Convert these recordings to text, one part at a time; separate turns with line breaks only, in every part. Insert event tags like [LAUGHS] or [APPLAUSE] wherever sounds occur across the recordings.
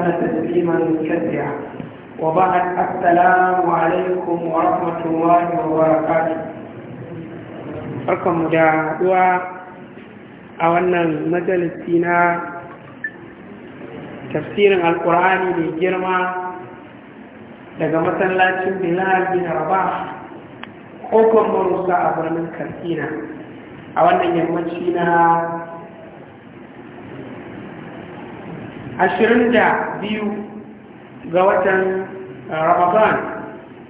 وسلم تسليما كثيرا وبعد السلام
عليكم
ورحمة الله وبركاته
barkanmu da haɗuwa a wannan majalisi na tafsirin alkur'ani mai girma daga masallacin bilal bin rabah kokon marusa a birnin katsina a wannan yammaci na ashirin da biyu ga watan eh, ramadan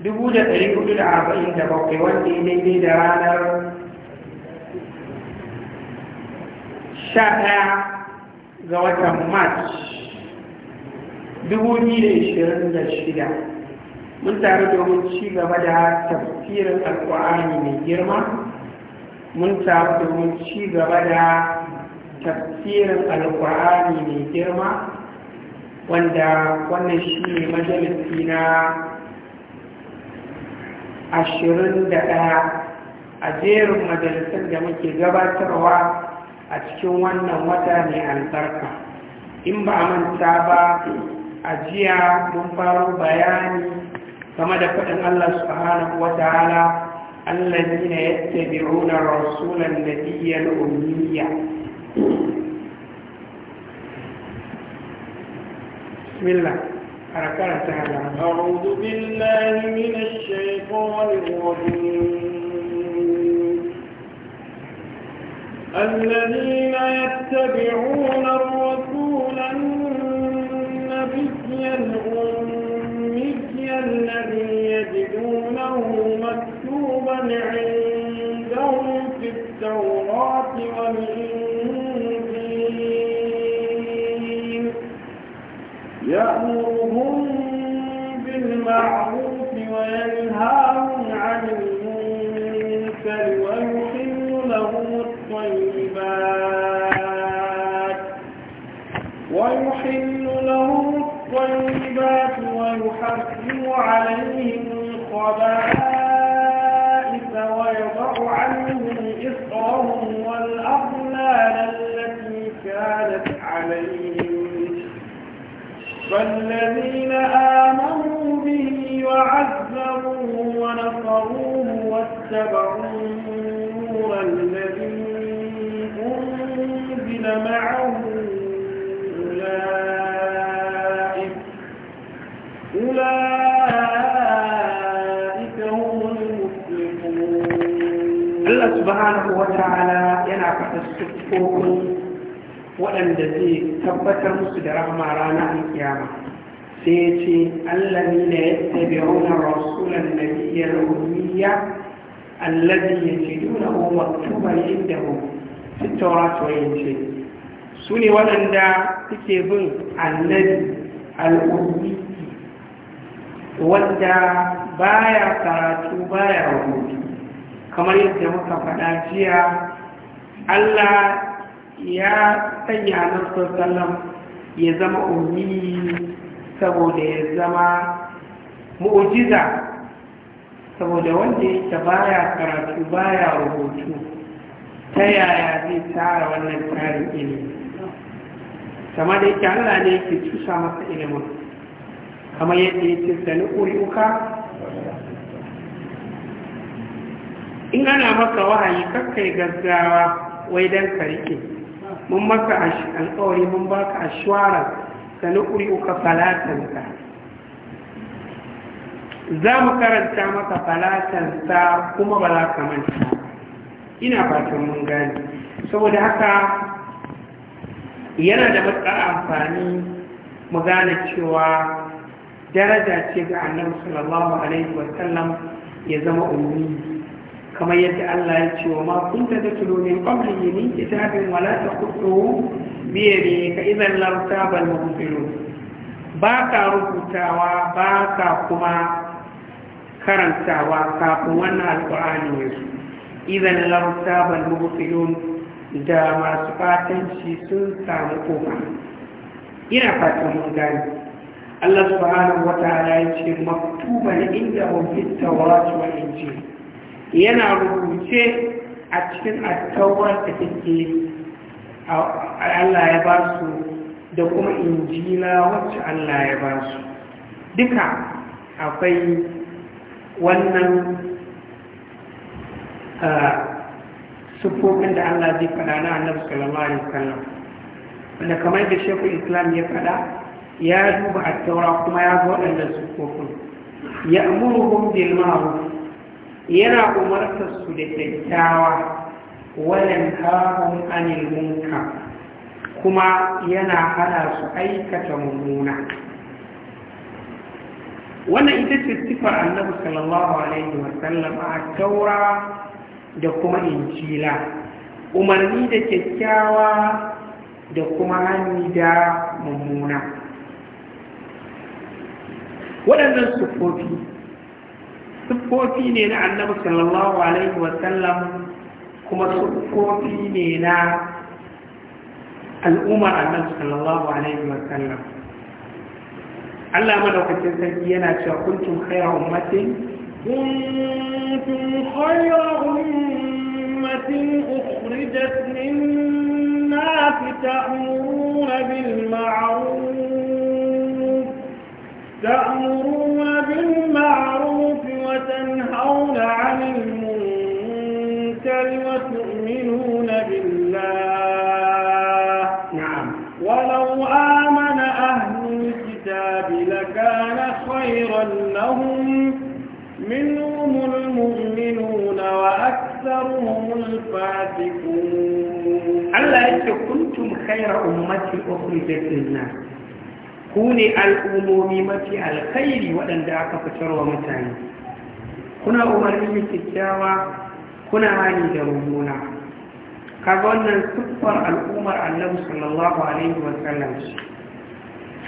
dubu da arba'in da bakwai wanda ya daidai da ranar sha ɗaya ga watan march dubu da da shida mun taru domin ci gaba da tafsirin alkur'ani mai girma mun taru domin ci gaba da tafsirin alkur'ani mai girma wanda wannan shi ne majalisi na ashirin da ɗaya a jerin majalisar da muke gabatarwa a cikin wannan wata ne albarka in ba a manta ba a jiya mun faru bayani game da faɗin allah subhanahu wa ta'ala allazina yattabi'una rasulan nabiyyan ummiya بسم الله
أنا كانت أعوذ بالله من الشيطان الرجيم الذين يتبعون الرسول النبي الأمي الذين آمنوا به وعذبوه ونصروه واتبعوا النور الذي أنزل معه أولئك أولئك هم المسلمون الله سبحانه وتعالى
ينعكس السكوت وأن الذي ثبت المسجد رغم رانا القيامه sai ya ce allami na ya tabi raunar rasulan na biyar rumiya allazi ya ce duna ko maktuban inda ku tattaura to ya ce su ne waɗanda suke bin annabi al'ummiki. wanda baya karatu baya rubutu kamar yadda muka faɗa jiya allah ya sanya sallam ya zama ummi saboda ya zama mu'ujiza saboda wanda ya ta baya karatu baya rubutu ta
yaya
zai tara wannan tarin ilimi kama da yake Allah ne yake cusa masa ilimin kamar yadda ya ce sani ƙuri'uka in ana maka wahayi kakkai gaggawa wai don ka rike mun maka alƙawari mun baka ashwarar sanuqri'uka fala tansa za mu karanta maka falatan kuma ba za ka manta ina fatan mun gane saboda haka yana da matsar amfani mu gane cewa daraja ce ga annabi sallallahu alaihi wasallam ya zama ummi kamar yadda Allah ya ce wa ma kunta tatlu min qablihi min kitabin wala taqutuhu ne yadika idan lam tabal mubtilun ba ka rubutawa ba ka kuma karantawa kafin wannan alqur'ani ne su. idan lam tabal mubtilun da masu fatanci sun samu kofa ina fatan mun gani Allah subhanahu wa ta'ala ya ce maktuban inda hum fit tawrat wal injil yana rubuce a cikin attawar da take Allah ya ba su da kuma injila wacce Allah ya ba su duka akwai wannan sufofin da Allah zai faɗa na annabi sallallahu alaihi wasallam wanda kamar da shekul islam ya faɗa ya duba a kuma ya ga waɗannan sufofin ya bil ma'ruf yana umartar su da kyakkyawa wannan kahun anil munka kuma yana hana su aikata mummuna wannan ita ce sifar annabi sallallahu alaihi wasallam a taura da kuma injila umarni da kyakkyawa da kuma hannu da mummuna waɗannan sufofi siffofi ne na annabi sallallahu alaihi wasallam kuma siffofi ne na al'ummar annabi sallallahu alaihi wasallam Allah madaukakin sarki yana cewa kuntum khayra ummatin
kuntum khayra ummatin ukhrijat lin-nas ta'muruna bil ma'ruf ta'muruna bil ma'ruf وتنهون عن المنكر وتؤمنون بالله نعم ولو آمن أهل الكتاب لكان خيرا لهم منهم المؤمنون وأكثرهم الفاسقون ألا يقول كنتم خير
أمة أخرجت للناس ku ne al'ummomi mafi alkhairi waɗanda aka fitarwa mutane kuna umarni da kyakkyawa kuna hani da mummuna kaga wannan tuffar al'ummar annabi sallallahu alaihi wa sallam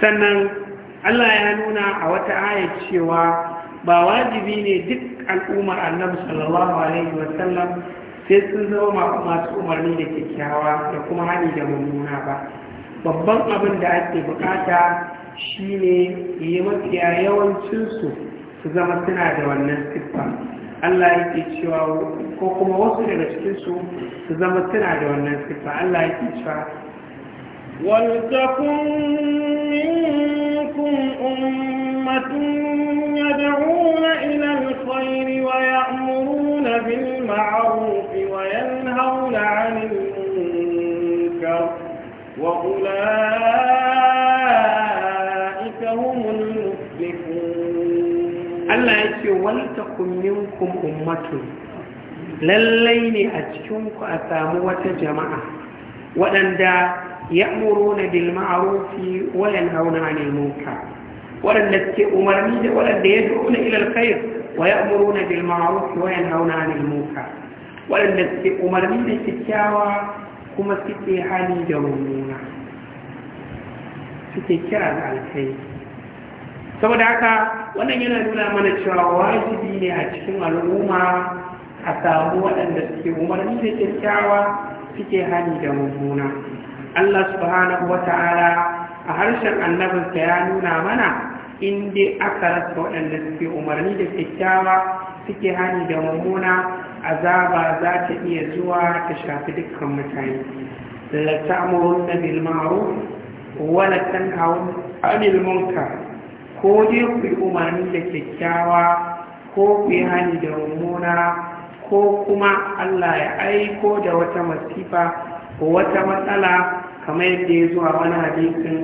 sannan Allah ya nuna a wata aya cewa ba wajibi ne duk al'ummar annabi sallallahu alaihi wa sallam sai sun zama masu umarni da kyakkyawa da kuma hani da mummuna ba babban abin da ake bukata shine yi mafiya yawancinsu su zama suna da wannan siffa Allah yake cewa ko kuma wasu daga cikin su zama suna da wannan siffa Allah yake cewa
ولتكن منكم أمة يدعون إلى الخير ويأمرون بالمعروف وينهون عن المنكر وأولئك waltakun
minkum ummatun lallai ne a cikinku a samu wata jama'a waɗanda ya'muruna bil ma'rufi wa yanhauna 'anil munkar waɗanda suke umarni da waɗanda yad'una ila alkhair wa ya'muruna bil ma'ruf wa yanhauna 'anil munkar waɗanda suke umarni da kyakkyawa kuma suke hali da mummuna suke kira da alkhairi saboda haka wannan yana nuna mana cewa wajibi ne a cikin al'umma a samu waɗanda suke umarni da kyakkyawa suke hani da mummuna Allah subhanahu wa ta'ala a harshen annabinsa ya nuna mana in dai aka rasa waɗanda suke umarni da kyakkyawa suke hani da mummuna azaba za ta iya zuwa ta shafi dukkan mutane la ta'muruna bil ma'ruf wa la 'anil munkar ko dai ku yi umarni da kyakkyawa ko ku yi hani da mummuna ko kuma allah ya aiko da wata masifa ko wata matsala kamar yadda ya zuwa wani hadisin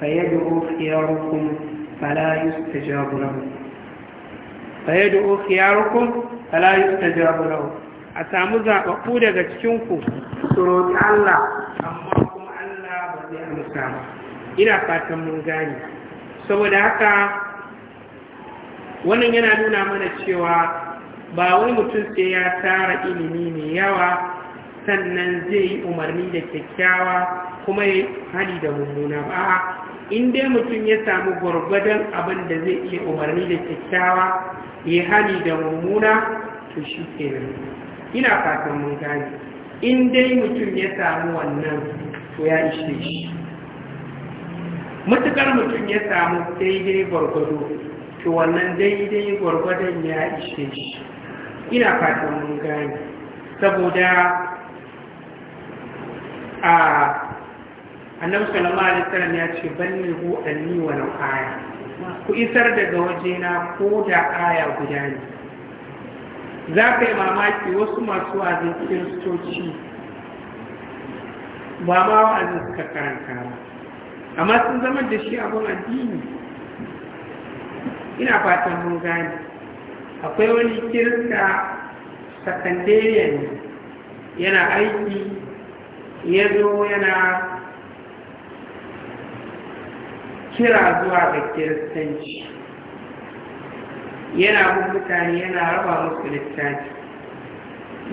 fayyadu khiyarukum fala yustajabu lahu da ofiyarukun falayus ta a samu zaɓaɓɓu daga cikinku su roƙi Allah
amma kuma Allah ba zai amsa ba
ina fatan mun gane saboda haka wannan yana nuna mana cewa ba wani mutum sai ya tara ilimi mai yawa sannan zai yi umarni da kyakkyawa kuma ya hali da mummuna ba in dai mutum ya samu gwargwadon abin da zai iya umarni da kyakkyawa ya hali da mummuna to shi kenan ina fatan mun gani in mutum ya samu wannan to ya ishe shi matukar mutum ya samu daidai gwargwado to wannan daidai gwargwadon ya ishe shi ina fatan mun gani saboda a annan sallallahu alaihi ya ce ballighu anni wa wani aya ku isar daga wajena ko da aya guda ne za ka yi mamaki wasu masu wazin kiristoci ba ma wa'azin suka karanta ba amma sun zama da shi abin addini ina fatan mun gane akwai wani kirista sakandariya yana aiki ya zo yana kira zuwa ga kiristanci yana bin mutane yana raba musu littafi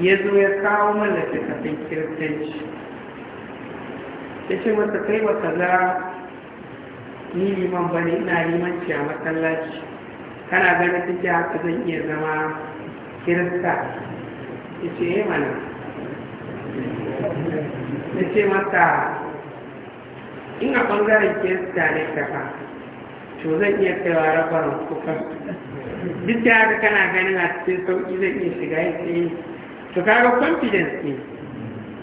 ya zo ya kawo mallaka kafin kiristanci ya ce masa kai wata kaza ni liman ba ne ina limanci a masallaci kana ganin duk da haka zan iya zama kirista ya ce yi eh, mana ya ce masa ina ɓangaren kirista ne kafa to zan iya kaiwa rabar kuka duk da haka kana ganin a cikin sauƙi zan iya shiga ya ce to kaga confidence ne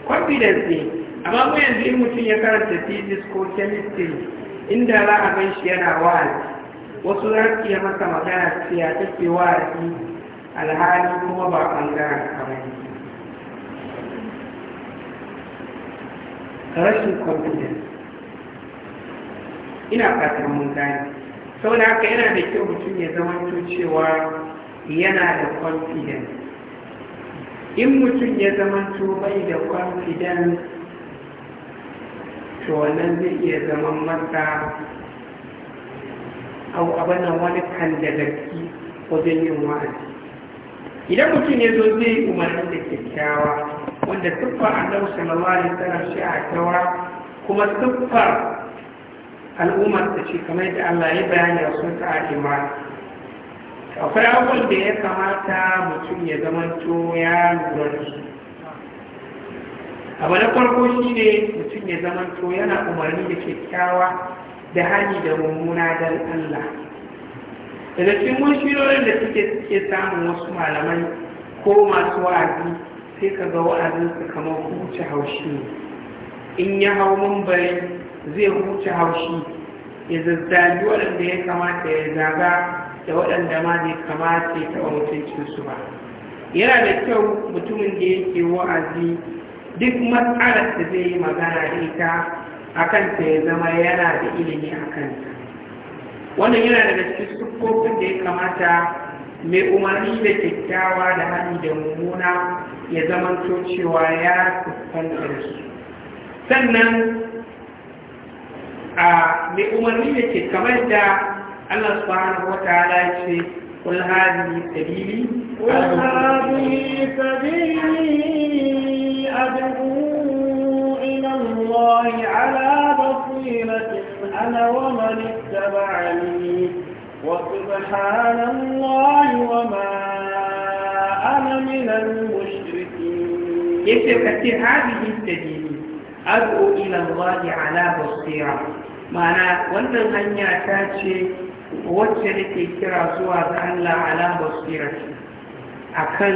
confidence ne amma mu yanzu in mutum ya karanta physics ko chemistry inda za a gan shi yana wa'azi wasu za su iya masa magana su ya take wa'azi alhali kuma ba ɓangaren kamar rashin confidence ina fatan mun gane da haka yana da kyau mutum ya zama cewa yana da confidence in mutum ya zama bai da confidence to wannan zai iya zama masa au abana wani kan da gaski wajen yin wa'azi idan mutum ya zo zai umarni da kyakkyawa wanda siffa annabi sallallahu alaihi wasallam shi a taura kuma siffar al'ummar ta ce kamar da Allah ya bayani a sun ta imani akwai abubuwan da ya kamata mutum ya zamanto ya lura da shi abu na farko shi ne mutum ya zama to yana umarni da kyakkyawa da hani da mummuna don Allah daga cikin mushkilorin da suke suke samun wasu malamai ko masu wa'azi sai ka ga wa'azinsu kamar huce haushi ne, in ya hau mambari zai huce haushi ya zazzagi waɗanda ya kamata ya zaga da waɗanda ma bai kamata ya taɓa mutuncinsu ba yana da kyau mutumin da yake wa'azi duk matsalar da zai yi magana da ita a kanta ya zama yana da ilimi a kanta wannan yana daga cikin sukkokin da ya kamata mai umarni da kyakkyawa da hannu da mummuna ya zama cewa ya siffanta da su sannan a mai umarni da ke kamar da Allah subhanahu wata ta'ala ce kul
sabili أدعو إلى الله على بصيرة أنا ومن اتبعني وسبحان الله وما أنا من المشركين
يتفتي هذه
السبيل
أدعو إلى الله على بصيرة معنى وأن هنيا تاتي wacce nake kira zuwa ga Allah ala basirati akan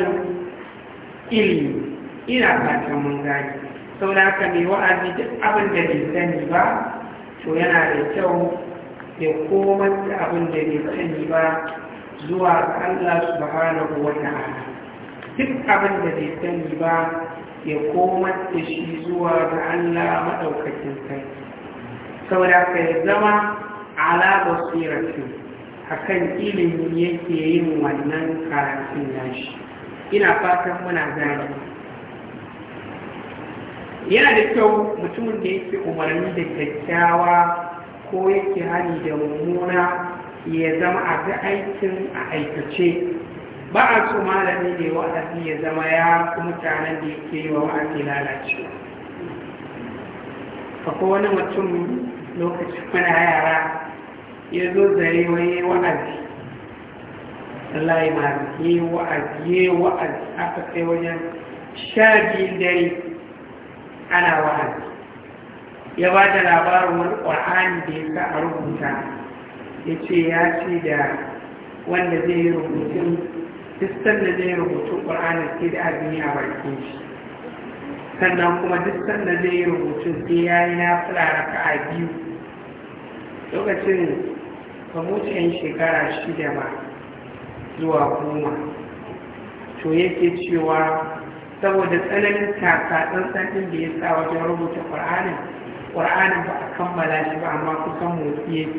ilimi ina fatan mun gani sau da haka mai wa'azi duk abin da bai sani ba to yana da kyau ya koma da abin da bai sani ba zuwa su Allah hana wa ana duk abin da bai sani ba ya koma da shi zuwa ga Allah maɗaukakin kai. sau da haka ya zama ala a akan ilimi yake yin wannan karatun nashi ina fatan muna gani yana da kyau mutumin da yake umarni da kyakkyawa ko yake hani da mummuna ya zama a ga aikin a aikace ba a so malami da wa'azi ya zama ya mutanen da yake yi wa wa'azi lalacewa akwai wani mutum lokacin mana yara ya zo zare wani wa'azi Allah ya ma yi wa'azi ya wa'azi aka kai wajen sha biyun dare ana wahala ya ba da labarin wani ƙwa'ani da ya a rubuta ya ce ya ce da wanda zai yi rubutun distan da zai rubutu ƙwar'anin sai da abin a barke shi sannan kuma distan da zai yi rubutun sai ya yi na raka a biyu lokacin ba shekara shida ba zuwa goma to yake cewa saboda tsananin takatsar sakin da ya sa wajen rubuta ƙur'anin ƙur'anin ba a kammala shi ba amma kusan motsi ya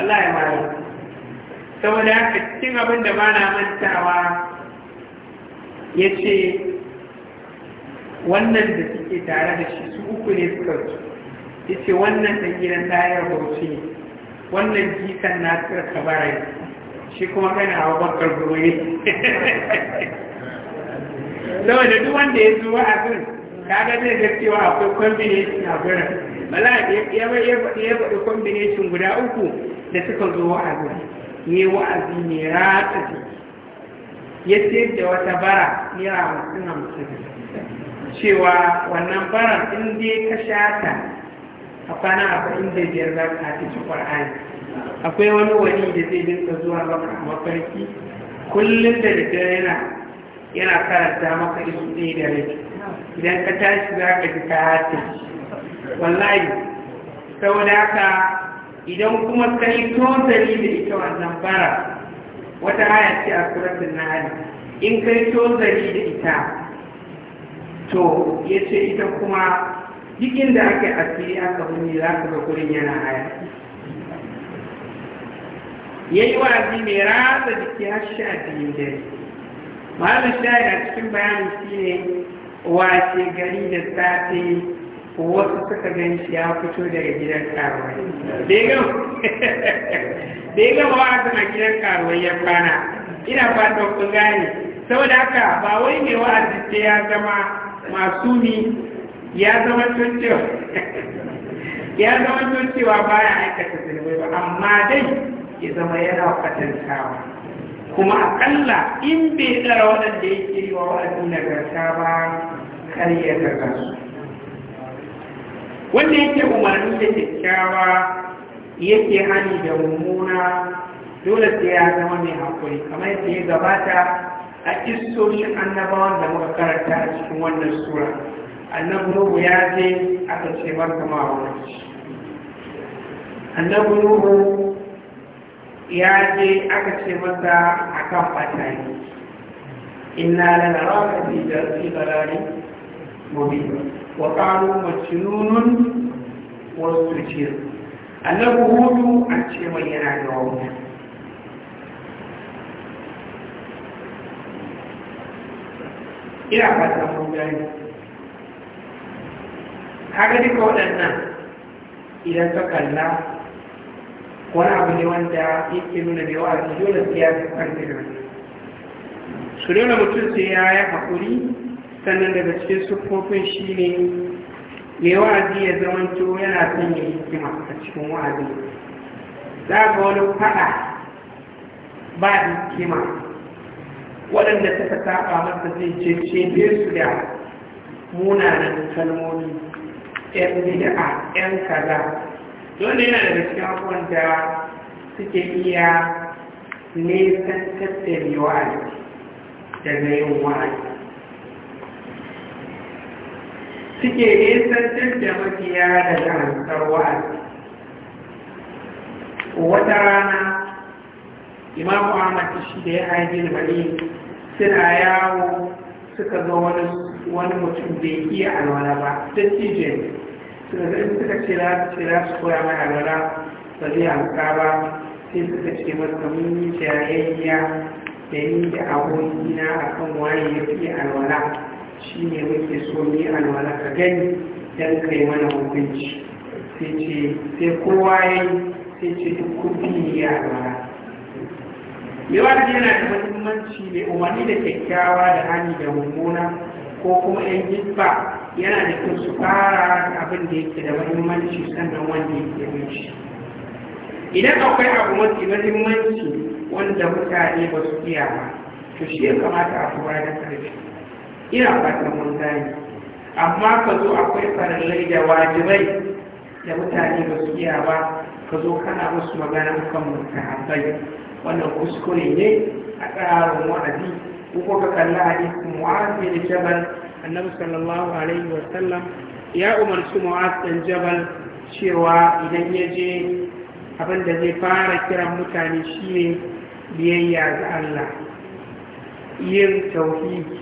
Allah ya mara saboda haka cikin abin da ba na mantawa ya ce wannan da suke tare da shi su uku ne suka ya ce wannan ɗan gidan dayar bauchi wannan jikan na tsirka barai shi kuma kana hawa bakar guri da duk wanda ya zuwa a kan kaga zai ga a akwai kwambinashin a gurin bala ya faɗi ya faɗi combination guda uku da suka zo wa'azi ne wa'azi ne ratsa ya ce da wata bara naira hamsin hamsin cewa wannan baran inda ya kashata sha ta a kwana arba'in da biyar za ka ci ƙwar'ani akwai wani wani da zai dinka zuwa maka mafarki kullum da daddare yana yana karanta maka isu ɗaya da rai idan ka tashi za ka ji kayatin wallahi da haka idan kuma ka yi tozari da ita wannan bara wata haya ce a suratun nahari in ka yi tozari da ita to ya ce ita kuma jikin da ake asiri aka muni za ka ga wurin yana haya ya yi wa'azi mai ratsa jiki har sha biyu dare malam shahid a cikin bayanin shi ne wace gari da safe wasu suka gan shi ya fito daga gidan karuwai da ya gama [LAUGHS] wa'azin a gidan karuwai ya kwana ina fatan kun gane saboda haka ba wai mai wa'azi ce ya zama masu ni, ya zama tuncewa [LAUGHS] ya zama tuncewa baya aikata zunubai ba amma dai ya zama yana kama, kuma akalla in bai tsara waɗanda yake yi wa wa'azi nagarta ba kar ya daga su wanda yake umarni da kyakkyawa yake hani da mummuna dole sai ya zama mai haƙuri kamar yadda ya gabata a istorin annabawan da muka karanta a cikin wannan sura annabi nuhu ya je aka ce barka ma wani annabi nuhu ya je aka ce masa a kan fatani inna da na raka fi da fi balari mubin wa ƙaru majnunun wasu ce annabi hudu a ce mai yana da wauta ina fata mun gani kaga duka waɗannan idan ka kalla wani abu ne wanda yake nuna da yawa da dole sai ya karfi da su dole mutum sai ya yi haƙuri sannan daga cikin siffofin shi ne mai wa'azi ya zamanto yana sanya hikima a cikin wa'azi za ga wani faɗa ba hikima waɗanda suka saba masa zai cece su da munanan kalmomi 'yan bid'a 'yan kaza wanda yana daga cikin abubuwan da suke iya nesan tattali wa'azi daga yin wa'azi suke nesan da mafiya daga hansar wa'azi wata rana imamu ahmad shi da ya haji da bari suna yawo suka zo wani mutum bai iya alwala ba cijiyar suka zai suka ce za su koya mana lura ba zai hanka ba sai suka ce masa mun yi jayayya da ni da abokina a kan waye ya fi alwala shi ne muke so ni alwala ka gani don ka yi mana hukunci sai ce sai kowa ya yi sai ce duk kuɗi ya alwala yawa da yana da muhimmanci mai umarni da kyakkyawa da hani da mummuna ko kuma yan hizba yana da kyau su fara abin da yake da mahimmanci sannan wanda yake da shi idan akwai abu mafi mahimmanci wanda mutane ba su iya ba to shi ya kamata a kuma da karfi ina fatan mun gane amma ka zo akwai farallai da wajibai da mutane ba su iya ba ka zo kana musu magana kan mutane wannan kuskure ne a tsarin wa'azi ko ka kalli hadisin mu'az bin jabal annabi sallallahu alaihi wa sallam ya umarci mu'az dan jabal cewa idan ya je abin da zai fara kiran mutane shine biyayya ga Allah yin tauhidi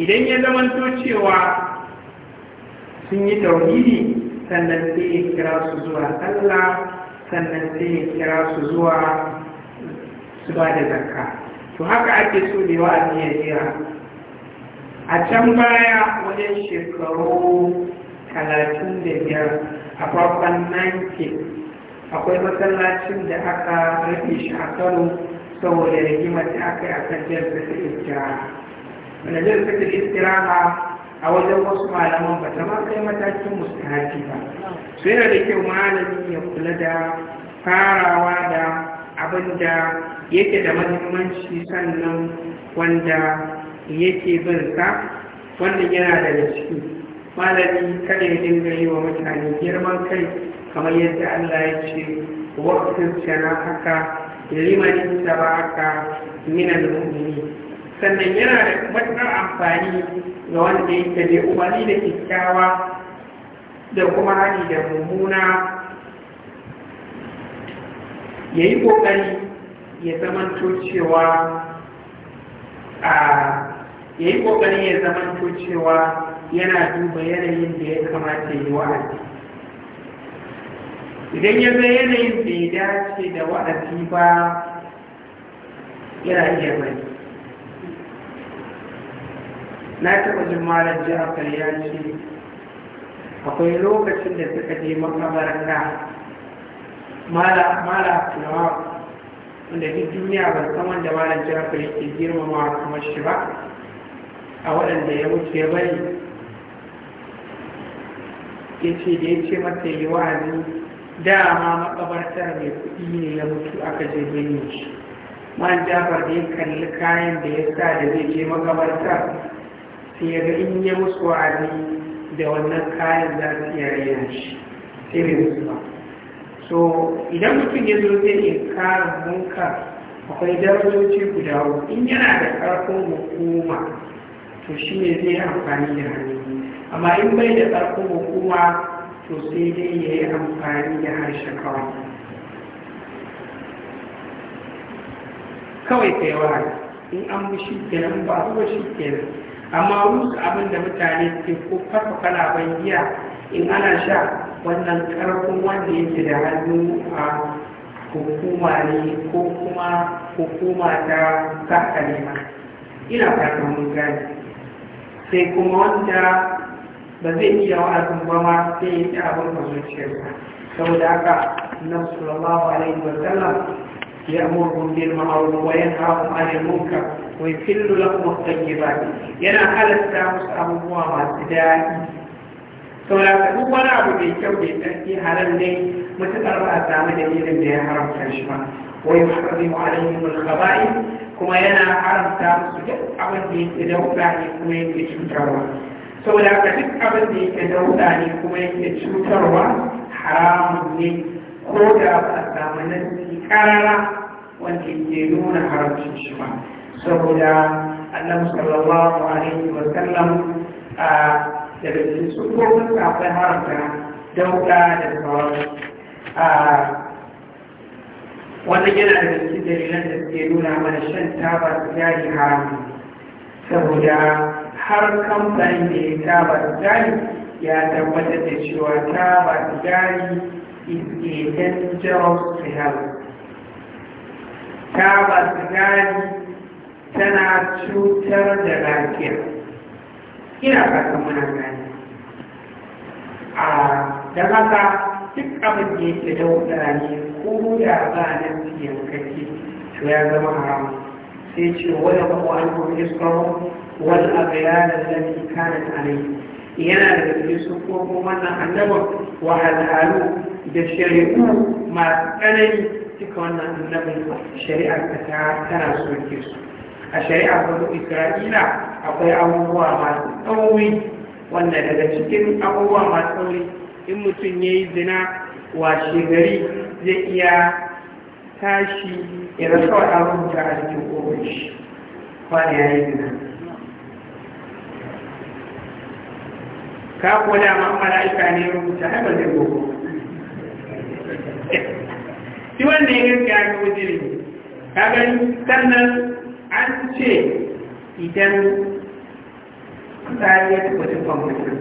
idan ya zamanto cewa sun yi tauhidi sannan sai ya kira su zuwa Allah sannan sai ya kira su zuwa su ba da zakka to haka ake so ne yawa a jira a can baya wajen shekaru talatin da biyar a farkon 90 akwai masallacin da aka rufe shi a kano saboda rigimar da aka yi a kan da istira wanda da istira ma a wajen wasu malaman ba ta ma kai matakin mustahaji ba Su yana da kyau malami ya kula da farawa da abin da yake da mahimmanci sannan wanda yake bin sa wannan yana da ciki malami kada ya dinga yi wa mutane girman kai kamar yadda Allah ya ce waqtin sana haka liman tabaka min al-mu'minin sannan yana da matuƙar amfani ga wanda yake da umarni da kyakkyawa da kuma hali da mummuna ya yi ƙoƙari ya zama cewa a ya yi ƙoƙari ya zama cewa yana duba yanayin da ya kamata yi wa'azi idan ya zai yanayin bai dace da wa'azi ba yana iya bari na taɓa jin malar a ya ce akwai lokacin da suka je makabarta mala mala kulawa wanda duk duniya ba san wanda malam jafar yake girmamawa kuma shi ba a waɗanda ya wuce ya bari ya ce da ya ce masa yi wa'azi dama makabartar mai kuɗi ne ya mutu aka je gani shi man jafar da ya kalli kayan da ya sa da zai je makabartar sai ya ga in ya musu wa'azi da wannan kayan za su iya raina shi sai mai musu ba so idan mutum ya zo zai iya kara munka akwai darajoci guda uku in yana da ƙarfin hukuma to shi ne zai amfani da hannu amma in bai da ƙarfin hukuma to sai dai ya yi amfani da harshe kawai kawai ta yawa in an bi shi kenan ba su ba shi kenan amma wasu abin da mutane ke ko farfa kalaban giya in ana sha wannan karfin wanda yake da hannu a hukuma ne ko kuma hukuma ta sakalima ina fata mun gani sai kuma wanda ba zai iya wa'azin ba ma sai ya ci abin da zuciyarsa saboda haka na sallallahu alaihi wa sallam wai بالمعروف وينهاهم عن المنكر ويحل لهم الطيبات Yana halasta musu abubuwa masu تداعي saboda ka duk wani abu da kyau da tsarki halar ne mutukar ba a samu dalilin da ya haramta shi ba Wai wa yuharrimu alaihim al-khaba'ith kuma yana haramta su duk abin da yake dauka ne kuma yake cutarwa saboda ka duk abin da yake dauka ne kuma yake cutarwa haramun ne ko da ba a samu nasi ƙarara wanda ke nuna haramcin shi ba saboda annabi sallallahu alaihi wa sallam ah, daga cikin sufofin akwai haramta dauka da sauran wannan yana da cikin dalilan da suke nuna mana shan taba sigari haramta. saboda har kamfanin da ya taba sigari ya tabbatar da cewa taba sigari is a dangerous to health taba sigari tana cutar da lafiya ina fatan muna gani a don haka duk abin da yake da wudani ko da ba nan biyan kake to ya zama haram sai ce wani kuma an kuma iskon wani abayar da lafi kanin alai yana daga cikin sufofin wannan annabin wahalhalu da shari'u masu tsanani duka wannan annabin shari'ar ta tana soke su a shari'a banu isra'ila akwai abubuwa masu tsauri wanda daga cikin abubuwa masu tsauri in mutum ya yi zina washe gari zai iya tashi ya rasa wa abin da a cikin kowace. wani ya yi zina ka kuwa dama mala'ika ne rubuta haifar zai gogo shi wanda ya gaskiya ga wajen ka gani sannan an ce idan tsari ya taɓa tufan mutum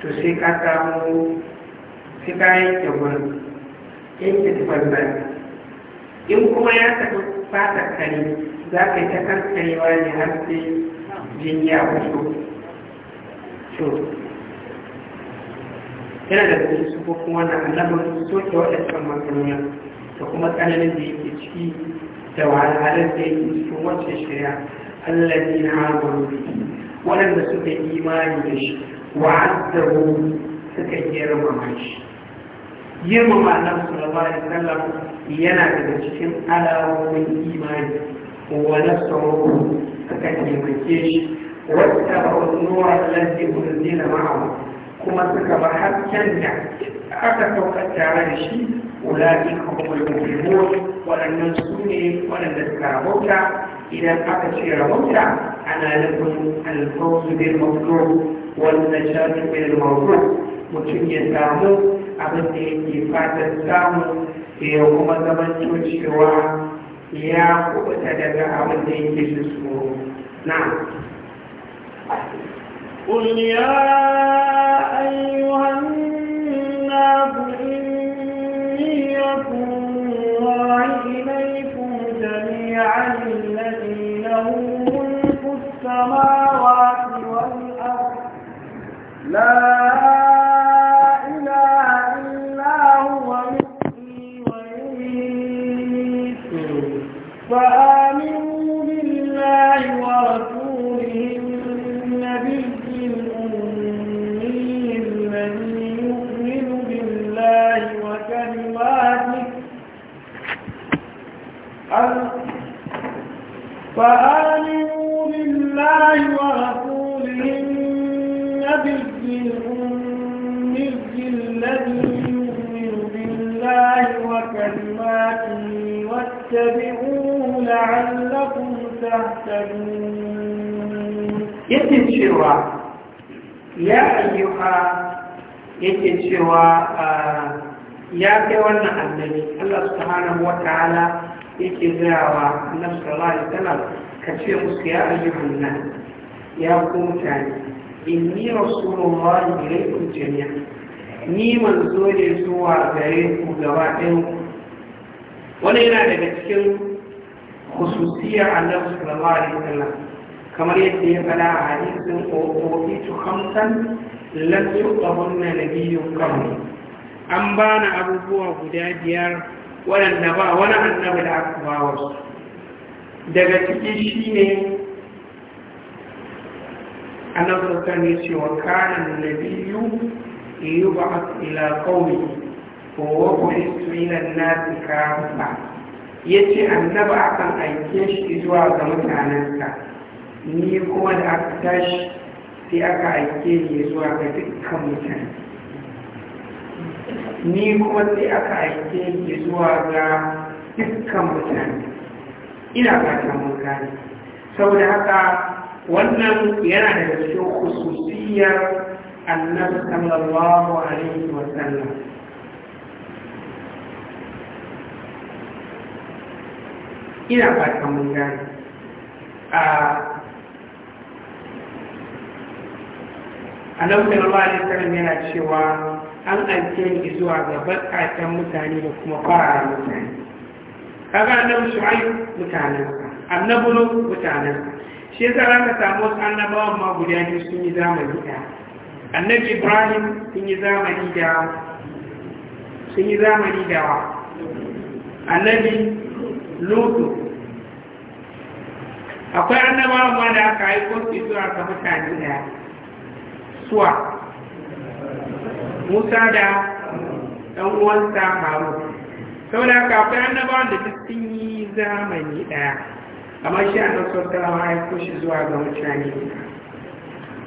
to sai ka samu sai ka yi wurin yanke tufan tsari in kuma ya taɓa fata kare za ka yi ta karkarewa ne har sai jin ya fito to yana da su kuma wannan annabin soke waɗancan matsalolin da kuma tsananin da yake ciki da wahalhalar da yake cikin wancan shari'a allazi na amanu bihi waɗanda suka yi imani da shi wa azzahu suka girmama shi girmama Allah sallallahu alaihi wasallam yana daga cikin alawomin imani wa nasaru suka taimake shi wata nuwa allazi unzila ma'ahu kuma suka ba hakkan da aka saukar tare da shi ulaika hum al-mujrimun wa annas sunni wa la tasrabuka ila taqti rabbuka ana lakum al-fawz bil mawdu' wa an-najat bil mawdu' mutum ya samu abin da yake fatan samu da ya kuma zaman cewa ya kubuta daga abin da yake shi tsoro na
السماوات والأرض لا إله إلا هو فآمنوا بالله ورسوله النبي الأمي الذي يؤمن بالله وكلماته فآمنوا الله ورسوله النبي الأمي الذي يؤمن بالله وكلماته واتبعوه لعلكم تهتدون
يا أيها yake cewa ya kai wannan annabi Allah subhanahu wa ta'ala yake zayawa annabi sallallahu alaihi wasallam ka ce musu ya ayi nan ya ku mutane inni rasulullahi ilaikum jami'a ni manzo ne zuwa gare ku gaba ɗayan wani yana daga cikin khususiyar annabi sallallahu alaihi wasallam kamar yadda ya fada a hadisin hamsan khamsan lam na nabiyun kamar. an bana abubuwa guda biyar waɗanda ba wani annabi da aka bawa su daga cikin shi ne annabi sani cewa kanan nabiyyu yub'ath ila qaumihi wa bu'ithu ila an-nasi kafa ba a kan aike shi zuwa ga mutanenka ni kuma da aka tashi sai aka aike ni zuwa ga dukkan mutane ni kuma sai aka aike ni zuwa ga dukkan mutane ina fatan mun gane saboda haka wannan yana da cikin khususiyya annabi sallallahu alaihi wa sallam ina fatan mun gane a nan sallallahu alaihi yana cewa an aike ni zuwa ga baƙaƙen mutane da kuma fara
mutane
kaga annabi shu'aib mutanen annabi lut mutanen shi yasa za ka samu wasu annabawan ma guda biyu sun yi zamani da annabi ibrahim sun yi zamani da sun yi zamani da wa annabi lutu akwai annabawan ma da aka yi su zuwa ga mutane da suwa musa da ɗan uwansa haruna saboda haka akwai annabawan da duk sun yi zamani ɗaya amma shi a nan alaihi wasallam ya zuwa ga mutane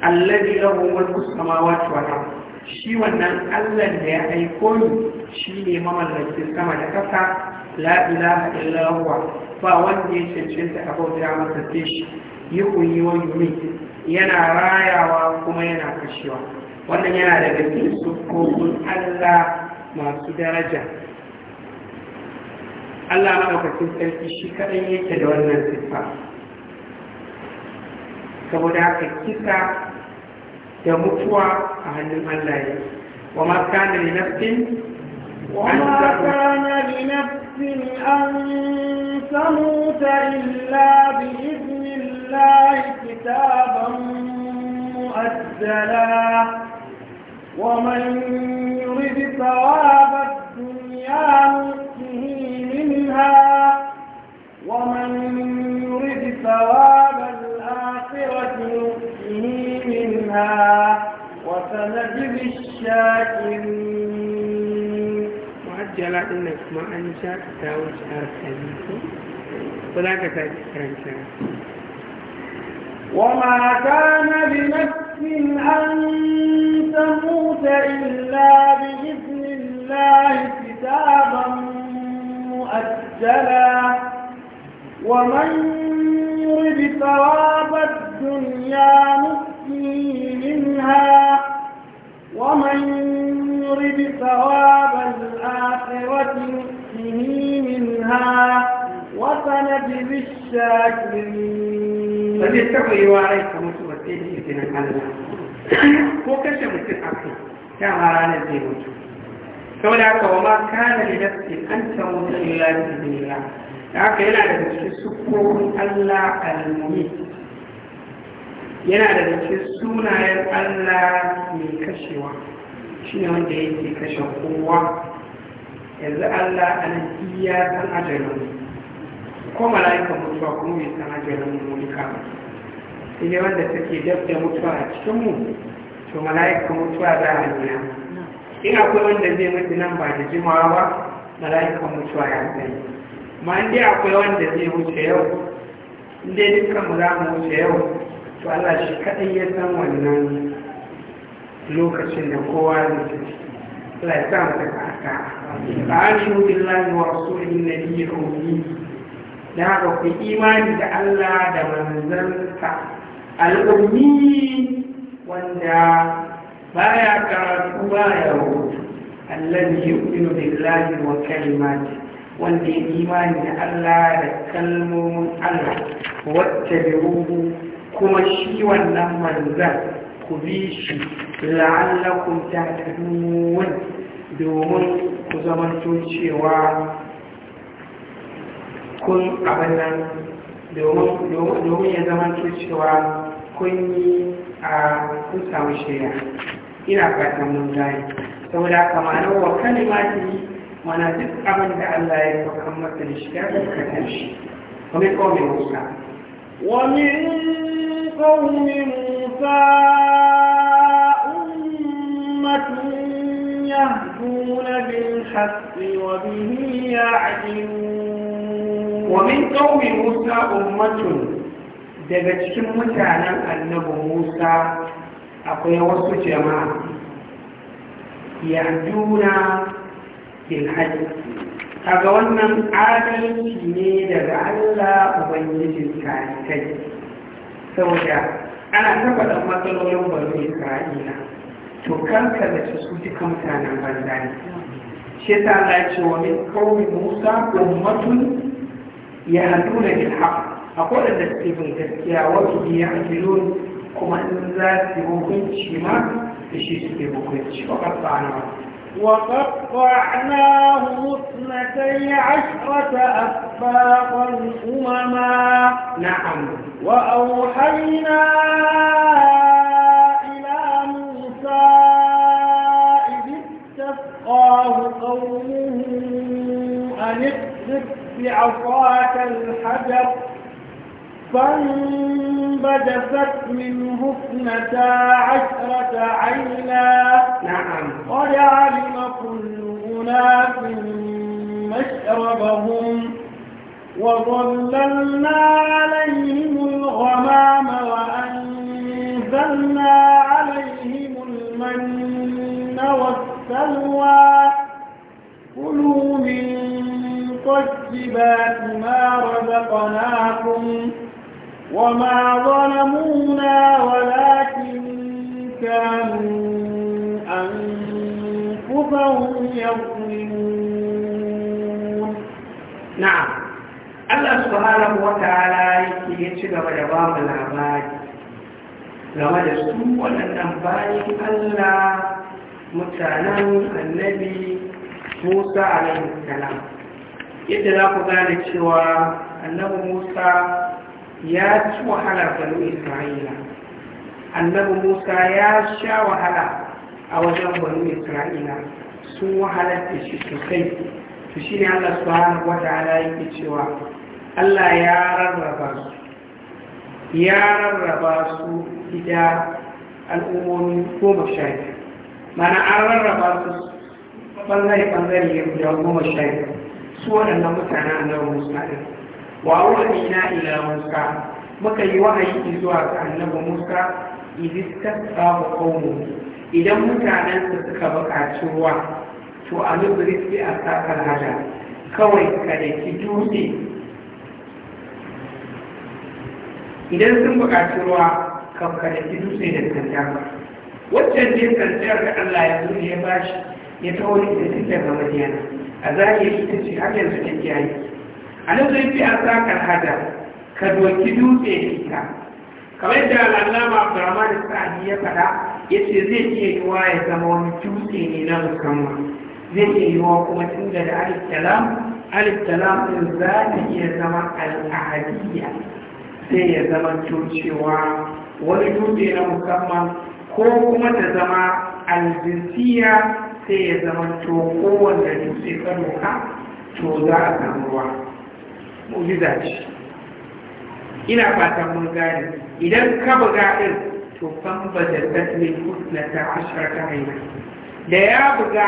Allah allazi lahu mulku samawa ta wata shi wannan Allah da ya aiko ni shine mamallakin sama da ƙasa la ilaha illa huwa ba wanda ya cancanta a bauta masa sai shi yi kuyi wa yumi yana rayawa kuma yana kashewa wannan yana daga cikin sukokun Allah masu daraja Allah maɗaukacin sarki shi kaɗai yake da wannan siffa saboda haka kisa da mutuwa a hannun Allah ne wa ma kana li nafsin
وما كان لنفس أن تموت إلا بإذن الله كتابا مؤجلا ومن يرد ثواب الدنيا منها ومن يرد ثواب الآخرة نؤته منها وسنجزي الشاكرين
معجلة إنك ما أنشأت تاوش أرسليكم ولا كتاب
وما كان لنفس أن تموت إلا بإذن الله كتابا مؤكدا السلام ومن يرد ثواب الدنيا نؤتيه منها ومن يرد ثواب الآخرة نؤته منها وسنجزي الشاكرين. فليس
تقوي وعليكم مسؤوليتنا على
ko kashe mutum a
kai yara saboda haka wa ma kana li nafsi an tamuta illa da idnillah da aka yana daga cikin sukukun Allah al-mumin yana da cikin sunayen Allah mai kashewa shi ne wanda yake kashe kowa yanzu Allah an iya san ajalin ko mala'ika mutuwa kuma bai san ajalin mulka sai dai wanda take dab da mutuwa a cikin mu to mala'ika mutuwa za a nuna in akwai wanda zai mutu nan ba da jimawa ba mala'ikan mutuwa ya tsaye ma in akwai wanda zai wuce yau in dai dukkan mu za mu wuce yau to Allah shi kaɗai ya san wannan lokacin da kowa zai tafi Allah ya sa mu daga haka ba a shi billahi wa rasulin nabiyyi ummi da haka ku imani da Allah da manzansa al'ummi wanda baya karatu baya rubutu allazi yu'minu billahi wa kalimati wanda ya imani da Allah da kalmomin Allah wacce da rubu kuma shi wannan manzan ku bi shi la'allakum tahtadun domin ku zamanto cewa kun abin nan domin ya zamanto cewa kun yi a kusa samu shirya ina fatan mun gane saboda haka ma'anar wa kalimati mana duk abin da Allah ya sauka masa da shi ya karkatar shi
kuma kome musa ummatun yahduna bil haqqi wa bihi wa min qawmi
musa ummatun daga cikin mutanen annabi Musa akwai wasu jama'a yaduna bil hajji kaga wannan adalci ne daga Allah ubangijin kai saboda ana da matsalolin baro isra'ila to kanka da su su duka mutanen banza ne shi ta Allah wa min kawai musa ummatun ya hadu da bil A akwai da suke bin gaskiya wa biya akilun kuma
وقطعناه اثنتي عشرة أسباطا أمما نعم وأوحينا إلى موسى إذ استسقاه قومه أن اقذف بعصاك الحجر فانبجست منه اثنتا عشرة عينا نعم قد علم كل أناس مشربهم وظللنا عليهم الغمام وأنزلنا عليهم المن والسلوى كلوا من طيبات ما رزقناكم وما ظلمونا ولكن كانوا أنفسهم يظلمون نعم الله سبحانه
وتعالى يكي يتشغب جواب العباد game da su waɗannan bayan Allah mutanen annabi Musa alaihi salam yadda za ku gane cewa annabi Musa ya ci wahala banu isra'ila annabi musa ya sha wahala a wajen banu isra'ila sun wahala da shi sosai to shi ne allah subhanahu wa ta'ala yake cewa allah ya rarraba su ya rarraba su gida al'ummomi goma sha biyu mana an rarraba su ɓangare-ɓangare ya guda goma sha biyu su waɗannan mutanen annabi musa ɗin wa wahayina ila musa muka yi wahayi zuwa ga annabi musa idistasa wa qaumu idan mutanensa suka buƙaci ruwa to a lubris bi a sakar hada kawai ka daki dutse idan sun buƙaci ruwa ka ka daki dutse da sanda waccan ne sandar da Allah ya zo ya bashi ya tawo da take ga madiyana a zahiri ita ce har yanzu take yayi anan zai fi a asakar hada ka doki dutse ka kamar yadda al'allama abdurrahman sa'adi ya faɗa ya ce zai iya yiwa ya zama wani dutse ne na musamman zai iya yiwa kuma tun da da alif kalam alif ɗin za ta iya zama al'ahadiyya sai ya zama cewa wani dutse na musamman ko kuma ta zama aljinsiya sai ya zama to kowanne dutse ka doka to za a samu ruwa mu'jiza ce ina fatan mun gane idan ka buga din to fan bajadat min ashar ta aina da ya buga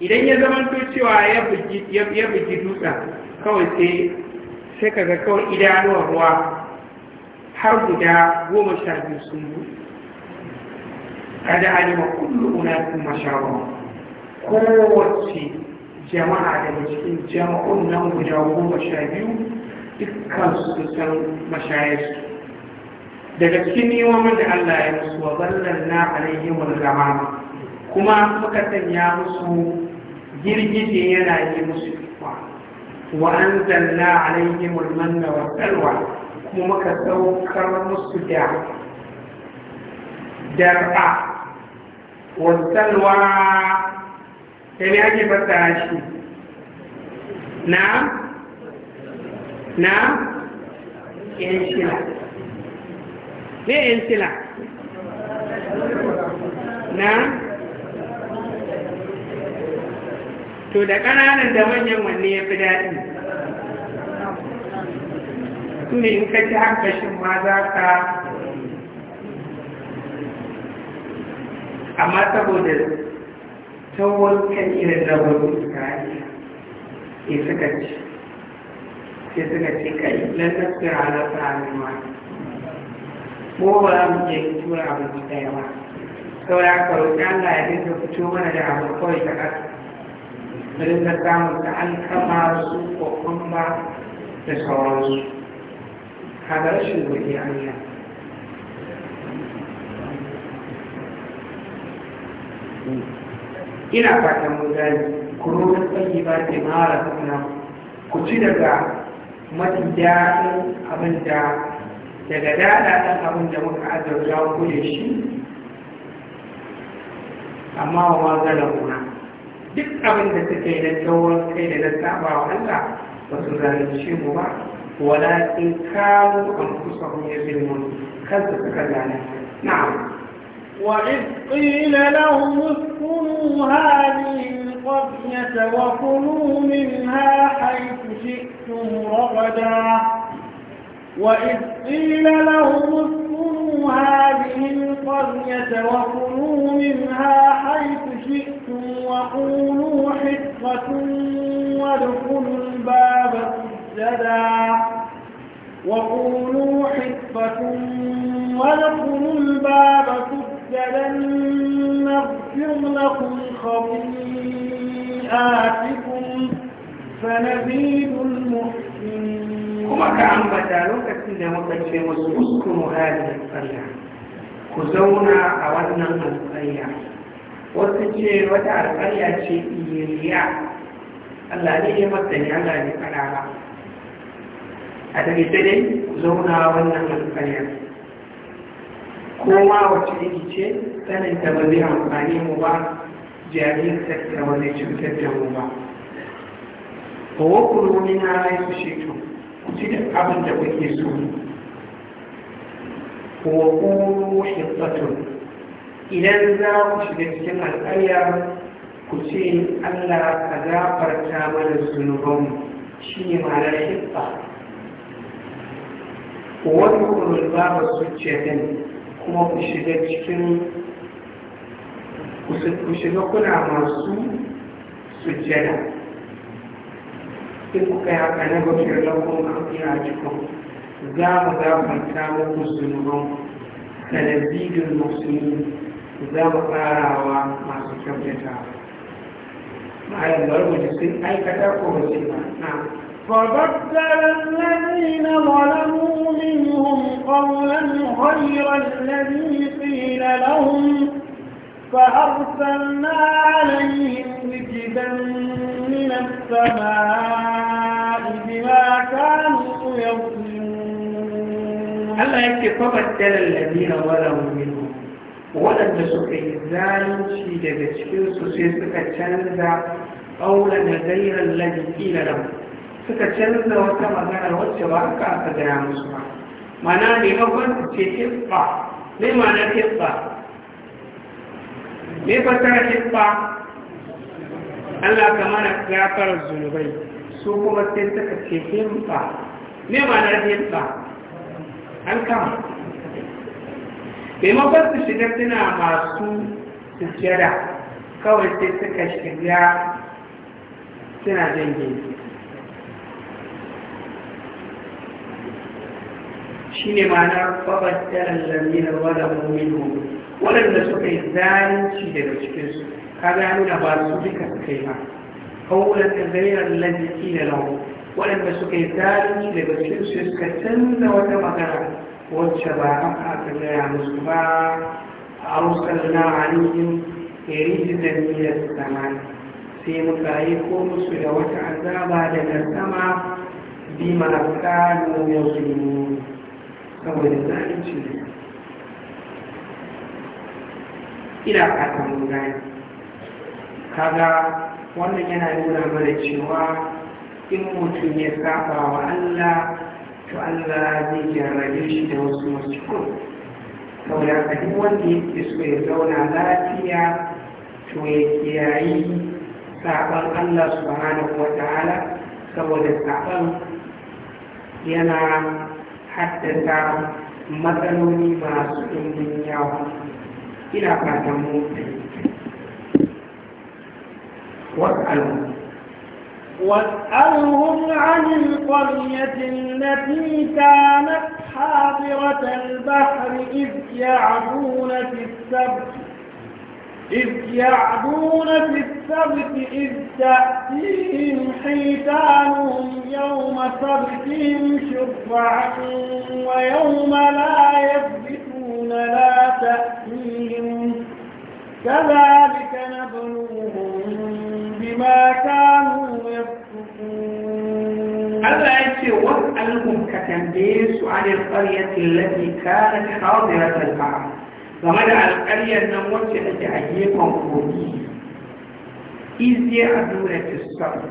idan ya zama to cewa ya bugi ya bugi dutsen kawai sai sai kaga kawai idanuwa ruwa har guda goma sha biyu sun bu. kada alima kullu unasin masharwa kowace jama'a daga cikin jama'un nan guda goma sha biyu dukkan su san mashayarsu daga cikin ni'imomin da Allah ya musu wa zallalna alaihim al-ghamam kuma muka sanya musu girgije yana yi musu kwa wa an anzalna alaihim al-manna wa salwa kuma muka saukar musu da dar'a wa salwa sai ne ake fata shi na na yan shila ne yan na to da ƙananan da manyan wanne ya fi daɗi
ne in ka ci hankashin
ma za ka amma saboda sauran kan irin rabon isra'ila sai suka ce sai suka ce kai lantar tsira na tsarin ma. mu ba za mu iya tura abinci ɗaya ba sau ya karuci allah ya dinka fito mana da abu kawai ta ƙasa mu dinka samun ta alkama su ko ba da sauransu kaga rashin godiya allah Thank you. ina fatan mun gani ku roƙa tsayi ba ce mara suna ku ci daga mafi daɗin abin da daga daɗaɗen abin da muka azurta ku da shi amma wa ma kuna, duk abin da suka yi na tsawon kai da na saba wa Allah ba su zalunce mu ba in kawo an kusa yi ya zirma kansu suka gane? na'am
وإذ قيل لهم اسكنوا هذه القرية وكلوا منها حيث شئتم رغدا وإذ قيل لهم اسكنوا هذه القرية وكلوا منها حيث شئتم وقولوا حفظة وادخلوا الباب سجدا وقولوا حفظة وادخلوا الباب سجدا لن نغفر لكم خطيئاتكم فنزيد المحسنين كما كان
بدالون كثيرا مكتشي مسكن هذه القرية كزونا أولنا القرية وتجي وتع القرية شيء يريع Allah ne ya mata ne Allah ne fara ba a take dai zauna wannan alƙaryar kowa wacce yake ce sanin ta ba zai amfani mu ba jami'in ta ba zai cutar da mu ba ba wa kuro ni na rai su sheto ku ci da abin da kuke so wa kuro hibbatun idan za ku shiga cikin al'ayya ku ce allah ka gafarta mana zunubanmu shi ne ma'anar hibba Wani kuro ba su ce kuma ku shiga cikin ku shiga kuna masu sujjada in kuka yi haka na gafiyar lakon kamfi a cikin za mu gafarta muku zunuban sanadidin musulmi za mu ƙarawa masu kyautata ma'ayin barbuji sun aikata ko ba na فبدل
الذين ظلموا منهم قولا غير الذي قيل لهم فأرسلنا عليهم رجبا من السماء بما كانوا يظلمون الله
يكفي فبدل الذين ظلموا منهم waɗanda suka yi في daga cikinsu sai suka canza ƙaunar da gairar suka canza wata magana wacce ba haka aka gaya musu ba mana ne mafan ce tibba ne mana tibba me fasara tibba Allah ka mana gafarar zunubai su kuma sai suka ce tibba ne mana tibba an kama maimakon su shiga suna masu sujjada kawai sai suka shiga suna jan gini shine ma'anar fabattaran lamina wada mu'minu waɗanda suka yi zalunci daga cikinsu ka gano na ba su duka su kai ba kawulan da zairar lantaki da lau waɗanda suka yi zalunci daga cikinsu suka canza wata magana wacce ba an haka gaya musu ba a rusar na alihin rijizan da sama sai muka yi ko musu da wata azaba daga sama mana kanu yau saboda zalunci ne ina fatan gani kaga wannan yana nuna mana cewa in mutum ya saba wa Allah to Allah zai jarrabe shi da wasu masukun saboda ka duk wanda yake so ya zauna lafiya to ya kiyayi saban Allah subhanahu wa ta'ala saboda saban yana haddasa matsaloli masu ɗumbin yawa
ina fatan mu واسألهم
واسألهم عن القرية التي كانت حاضرة البحر إذ يعبون في السبت إذ يعدون في السبت إذ تأتيهم حيتانهم يوم سبتهم شرعا ويوم لا يثبتون لا تأتيهم كذلك نبلوهم بما كانوا يفسقون هذا يأتي واسألهم
كتنبيس عن القرية التي كانت حاضرة البعض game da alƙaryar nan wacce take a gefen kogi iziye a dole fiskar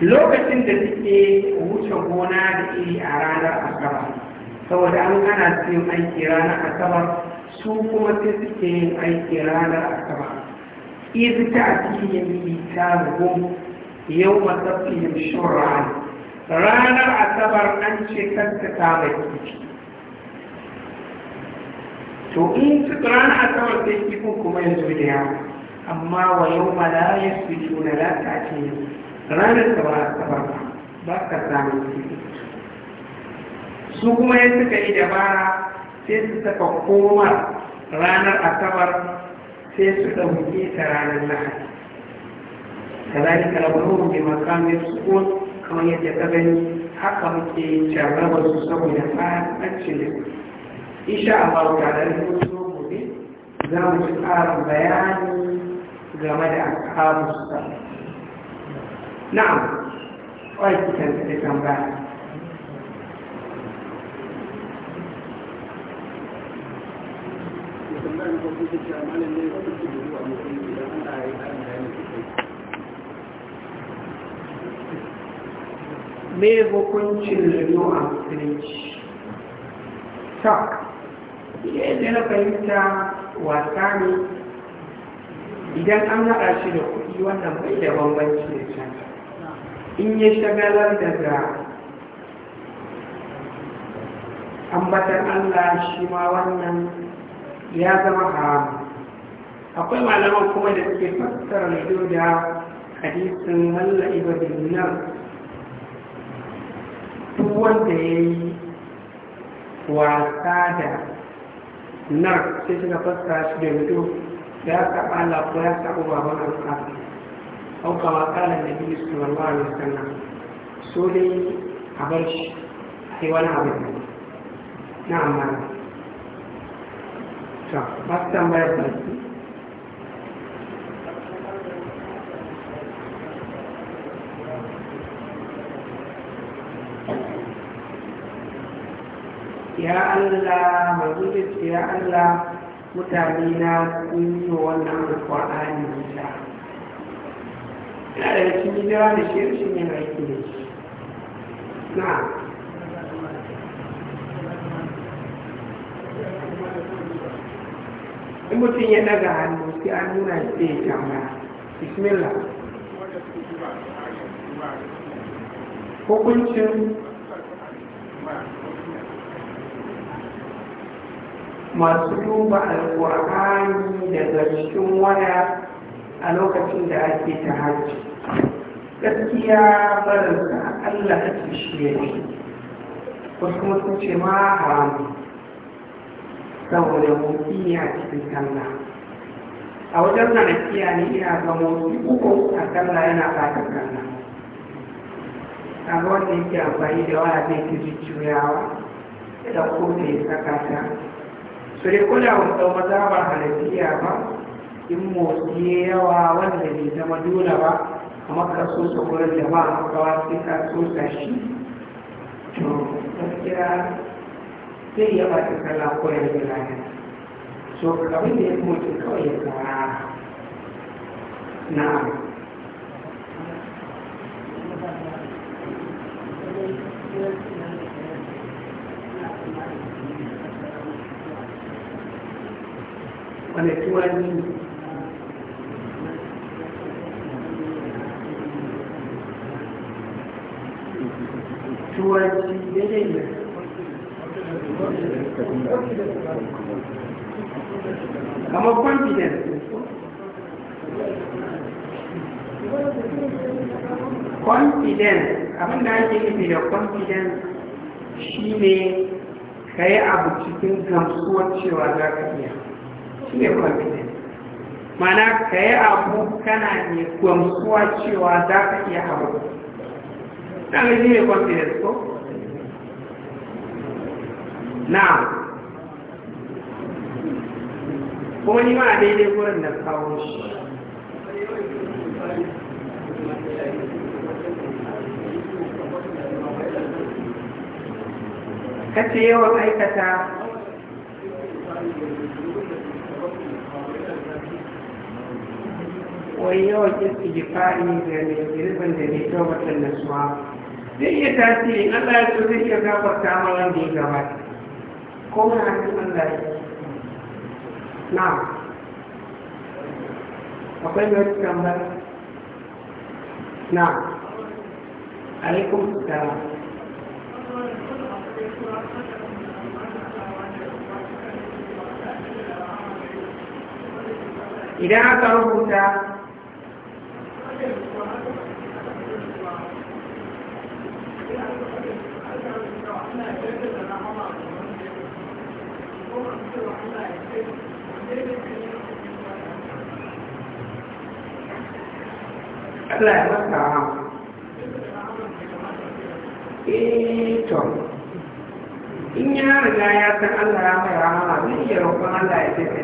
lokacin da suke wuce gona da iri a ranar asabar saboda an hana su yin aiki ranar asabar su kuma sai suke yin aiki ranar asabar izi ta a cikin yin ta yau masafin shura'an ranar asabar an ce kanta ta mai to in ranar asabar sai kifin kuma yanzu zo da yawa amma wa yau ma da ya su juna la ta ce ranar ta asabar ba ka samun kifin su kuma ya suka yi dabara sai su saka koma ranar asabar sai su ɗauke ta ranar lahadi كذلك لو bi بمقام السكون kamar yadda ka gani haka muke jarrabar su saboda fa'adancin da su insha Allah ta da rubutu gobe za mu ci ƙarin bayani game da akabu su na'am wai kitan da tambaya
Thank you.
mai hukuncin rino a musulunci ta yadda na fahimta wasa ne idan an haɗa shi da kuɗi wannan bai da bambanci da can in ya shagalar daga ambatan allah shi ma wannan ya zama haramu akwai malaman kuma da suke fassara riyo da hadisin malla ibadin nan duk wanda ya yi wasa da nar sai suka fassara shi da mutu da ya saba Allah ko ya saba baban alƙafi au kama kala da biyu sallallahu alaihi wasallam so dai a bar shi sai wani abu ne na amma ta ba su tambayar baki ya Allah manzo ya Allah mutane na sun yi wa wannan alƙur'ani nisa ina da cikin gida da shi shi ne na
da ne. na in mutum ya daga hannu
sai an nuna shi ya tambaya bismillah
hukuncin
masu duba alkur'ani daga cikin waya a lokacin da ake ta hajji gaskiya barinsa allah ce shi ya wasu mutum ce ma haramu saboda motsi a cikin sallah a wajen kiya ne ina ga motsi uku a sallah yana fata sallah a wanda yake amfani da waya zai ta jujjuyawa da ko da ya saka ta su dai wata maza ba halittiya ba in motsi yawa wanda bai zama dole ba a ka so sa wurin jama'a kawa sai ka so sa shi to gaskiya yaba ko ya yi rana so abin da ya kawai
ya
Thank you.
ana turanci
turanci daidai ne kamar confidence confidence
abinda ake nufi da confidence shine kayi yi abu cikin gamsuwar cewa za ka iya shi confidence mana ka yi abu kana ne gamsuwa cewa za ka iya abu ɗan shi ne confidence ko na kuma ni ma a daidai
wurin da kawo shi ka ce yawan aikata
wai yawan istighfari da ne girban da ne tawbatar nasuwa zai iya tasiri Allah ya so zai iya gafarta ma wanda ya gabata ko na hannun Allah ya na akwai wata tambaya na alaikum salam idan aka rubuta Allah ya masa eh, to, ya riga ya san ya mai ya ce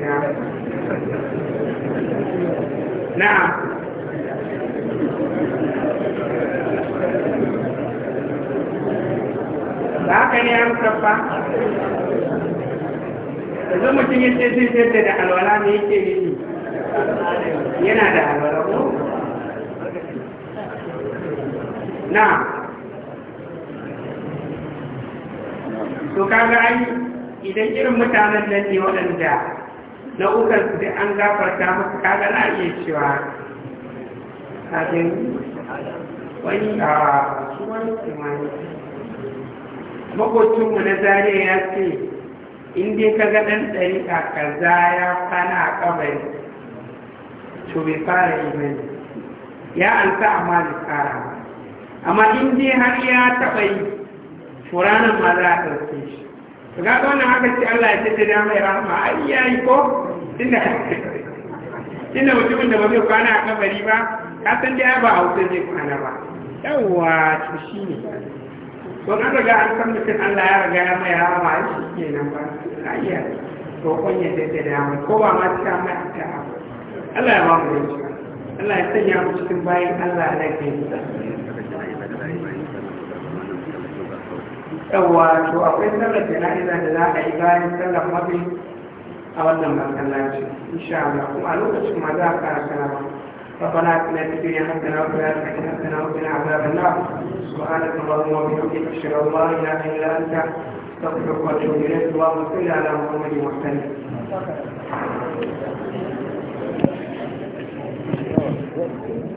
na ba haka ne amsar ba yanzu mutum ya ce zai zai da alwala ne yake
nufi yana da alwala ko na to kaga ai
idan irin mutanen nan ne waɗanda na ukan su da an gafarta musu kaga na iya cewa kafin wani a suwan kimani makocinmu na zariya ya ce in dai ka ga ɗan ɗariƙa kaza ya kwana a ƙabari to bai fara imani ya alta amma bai fara amma in dai har ya taɓa yi to ranar ma za a ɗauke shi to ga nan haka ce Allah ya ce ta dama ya rahama ai ya yi ko tunda [LAUGHS] tunda mutumin da ba zai kwana a ƙabari ba ka san dai ba a wuce zai kwana ba yawwa to shi ne don an riga an san mutum Allah ya riga ya mai harama a shi ke nan ba a iya to kwanye da da dama ko ba ma ta mai ta Allah ya ba mu da shi Allah ya sanya mu cikin bayan Allah na ke yawa to akwai sallar jana'iza da za a yi bayan sallar mabi a wannan masallaci insha Allah kuma a lokacin ma za a kara sanarwa فطلعت من الدنيا حسنة وفي الآخرة حسنة وقنا عذاب النار سبحانك اللهم وبحمدك أشهد أن لا إله إلا أنت أستغفرك وأتوب إليك اللهم صل على محمد محسن
Thank you.